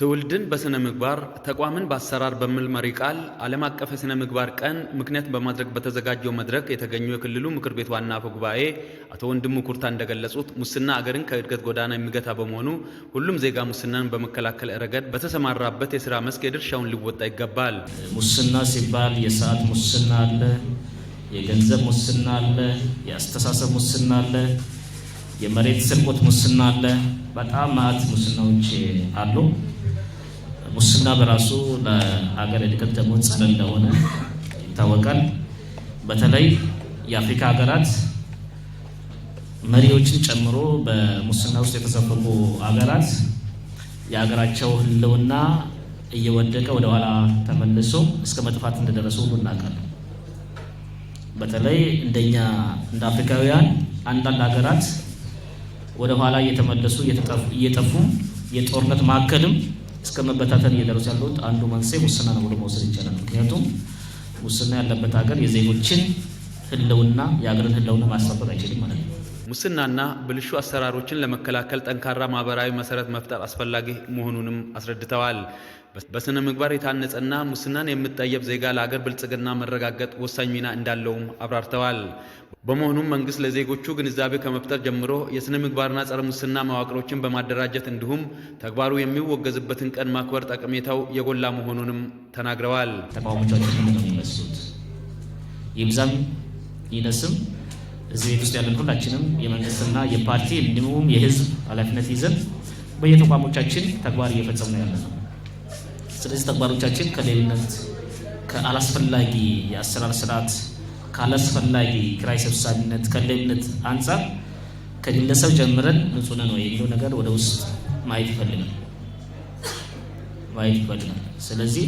ትውልድን በሥነ ምግባር ተቋምን በአሰራር በሚል መሪ ቃል ዓለም አቀፍ የሥነ ምግባር ቀን ምክንያት በማድረግ በተዘጋጀው መድረክ የተገኙ የክልሉ ምክር ቤት ዋና አፈ ጉባኤ አቶ ወንድሙ ኩርታ እንደገለጹት ሙስና አገርን ከእድገት ጎዳና የሚገታ በመሆኑ ሁሉም ዜጋ ሙስናን በመከላከል ረገድ በተሰማራበት የሥራ መስክ የድርሻውን ሊወጣ ይገባል። ሙስና ሲባል የሰዓት ሙስና አለ፣ የገንዘብ ሙስና አለ፣ የአስተሳሰብ ሙስና አለ፣ የመሬት ስርቆት ሙስና አለ። በጣም መዓት ሙስናዎች አሉ። ሙስና በራሱ ለሀገር እድገት ደግሞ ጸር እንደሆነ ይታወቃል። በተለይ የአፍሪካ ሀገራት መሪዎችን ጨምሮ በሙስና ውስጥ የተሰበቁ ሀገራት የሀገራቸው ህልውና እየወደቀ ወደኋላ ተመልሶ እስከ መጥፋት እንደደረሱ ሁሉ እናውቃለን። በተለይ እንደኛ እንደ አፍሪካውያን አንዳንድ ሀገራት ወደኋላ እየተመለሱ እየጠፉ የጦርነት ማዕከልም እስከ መበታተን እየደረሱ ያሉት አንዱ መንስኤ ሙስና ነው ብሎ መውሰድ ይቻላል። ምክንያቱም ሙስና ያለበት ሀገር የዜጎችን ህልውና የሀገርን ህልውና ማስጠበቅ አይችልም ማለት ነው። ሙስናና ብልሹ አሰራሮችን ለመከላከል ጠንካራ ማህበራዊ መሰረት መፍጠር አስፈላጊ መሆኑንም አስረድተዋል። በስነ ምግባር የታነጸና ሙስናን የምጠየብ ዜጋ ለአገር ብልጽግና መረጋገጥ ወሳኝ ሚና እንዳለውም አብራርተዋል። በመሆኑም መንግስት ለዜጎቹ ግንዛቤ ከመፍጠር ጀምሮ የስነ ምግባርና ጸረ ሙስና መዋቅሮችን በማደራጀት እንዲሁም ተግባሩ የሚወገዝበትን ቀን ማክበር ጠቀሜታው የጎላ መሆኑንም ተናግረዋል። ተቃውሞቻችን ይነሱት ይብዛም ይነስም እዚህ ቤት ውስጥ ያለን ሁላችንም የመንግስትና የፓርቲ እንዲሁም የህዝብ ኃላፊነት ይዘን በየተቋሞቻችን ተግባር እየፈጸሙ ነው ያለ ነው። ስለዚህ ተግባሮቻችን ከሌልነት፣ ከአላስፈላጊ የአሰራር ስርዓት፣ ከአላስፈላጊ ክራይ ሰብሳቢነት፣ ከሌልነት አንጻር ከግለሰብ ጀምረን ንጹነ ነው የሚለው ነገር ወደ ውስጥ ማየት ይፈልጋል ማየት ይፈልጋል። ስለዚህ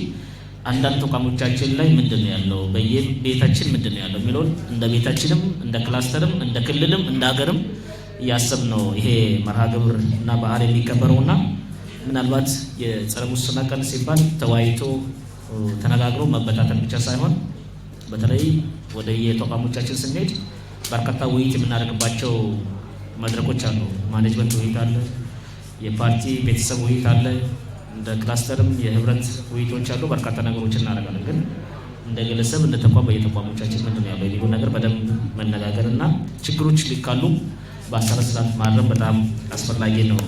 አንዳንድ ተቋሞቻችን ላይ ምንድን ነው ያለው፣ በየቤታችን ምንድን ነው ያለው የሚለውን እንደ ቤታችንም እንደ ክላስተርም እንደ ክልልም እንደ ሀገርም እያሰብ ነው ይሄ መርሃ ግብር እና በዓል የሚከበረው እና ምናልባት የጸረ ሙስና ቀን ሲባል ተወያይቶ ተነጋግሮ መበታተን ብቻ ሳይሆን በተለይ ወደ የተቋሞቻችን ስንሄድ በርካታ ውይይት የምናደርግባቸው መድረኮች አሉ። ማኔጅመንት ውይይት አለ፣ የፓርቲ ቤተሰብ ውይይት አለ እንደ ክላስተርም የህብረት ውይይቶች ያሉ በርካታ ነገሮች እናደርጋለን። ግን እንደ ግለሰብ እንደ ተቋም በየተቋሞቻችን ምንድን ነው ያለው ነገር በደንብ መነጋገር እና ችግሮች ሊካሉ በአሰረ ስርዓት ማረም በጣም አስፈላጊ ነው።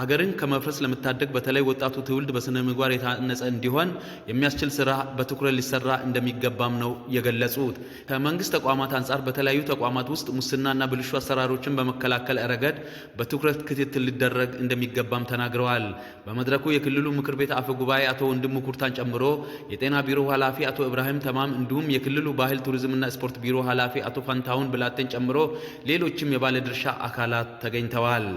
አገርን ከመፍረስ ለመታደግ በተለይ ወጣቱ ትውልድ በስነ ምግባር የታነጸ እንዲሆን የሚያስችል ስራ በትኩረት ሊሰራ እንደሚገባም ነው የገለጹት። ከመንግስት ተቋማት አንጻር በተለያዩ ተቋማት ውስጥ ሙስናና ብልሹ አሰራሮችን በመከላከል ረገድ በትኩረት ክትትል ሊደረግ እንደሚገባም ተናግረዋል። በመድረኩ የክልሉ ምክር ቤት አፈ ጉባኤ አቶ ወንድሙ ኩርታን ጨምሮ የጤና ቢሮ ኃላፊ አቶ ኢብራሂም ተማም እንዲሁም የክልሉ ባህል ቱሪዝምና ስፖርት ቢሮ ኃላፊ አቶ ፋንታውን ብላቴን ጨምሮ ሌሎችም የባለድርሻ አካላት ተገኝተዋል።